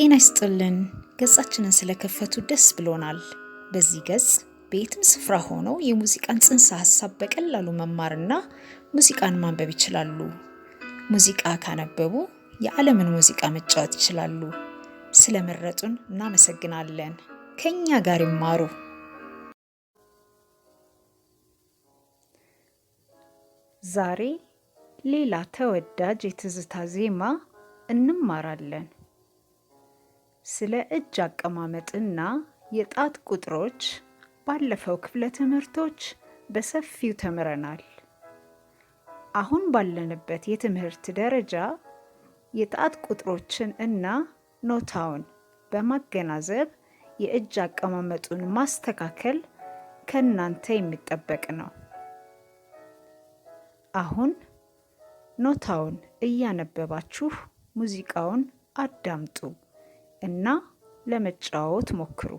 ጤና ይስጥልን። ገጻችንን ስለከፈቱ ደስ ብሎናል። በዚህ ገጽ በየትም ስፍራ ሆነው የሙዚቃን ጽንሰ ሀሳብ በቀላሉ መማርና ሙዚቃን ማንበብ ይችላሉ። ሙዚቃ ካነበቡ የዓለምን ሙዚቃ መጫወት ይችላሉ። ስለመረጡን እናመሰግናለን። ከኛ ጋር ይማሩ። ዛሬ ሌላ ተወዳጅ የትዝታ ዜማ እንማራለን። ስለ እጅ አቀማመጥና የጣት ቁጥሮች ባለፈው ክፍለ ትምህርቶች በሰፊው ተምረናል። አሁን ባለንበት የትምህርት ደረጃ የጣት ቁጥሮችን እና ኖታውን በማገናዘብ የእጅ አቀማመጡን ማስተካከል ከእናንተ የሚጠበቅ ነው። አሁን ኖታውን እያነበባችሁ ሙዚቃውን አዳምጡ። እና ለመጫወት ሞክሩ።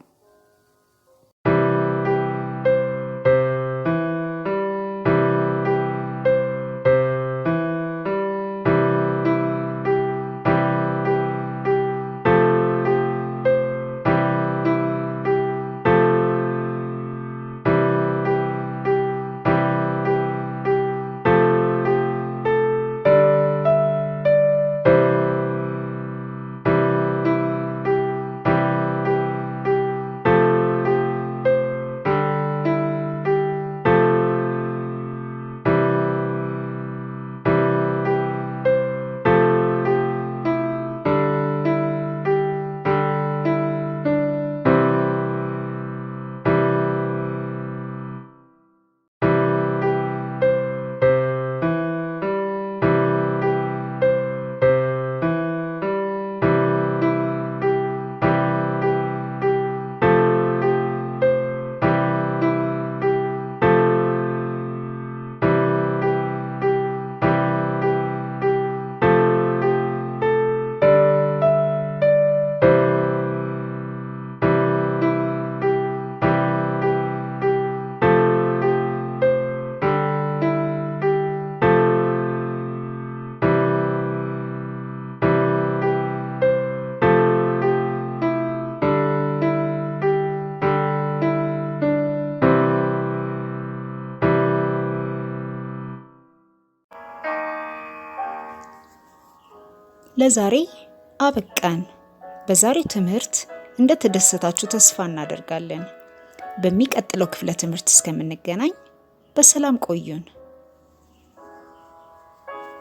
ለዛሬ አበቃን። በዛሬው ትምህርት እንደተደሰታችሁ ተስፋ እናደርጋለን። በሚቀጥለው ክፍለ ትምህርት እስከምንገናኝ በሰላም ቆዩን።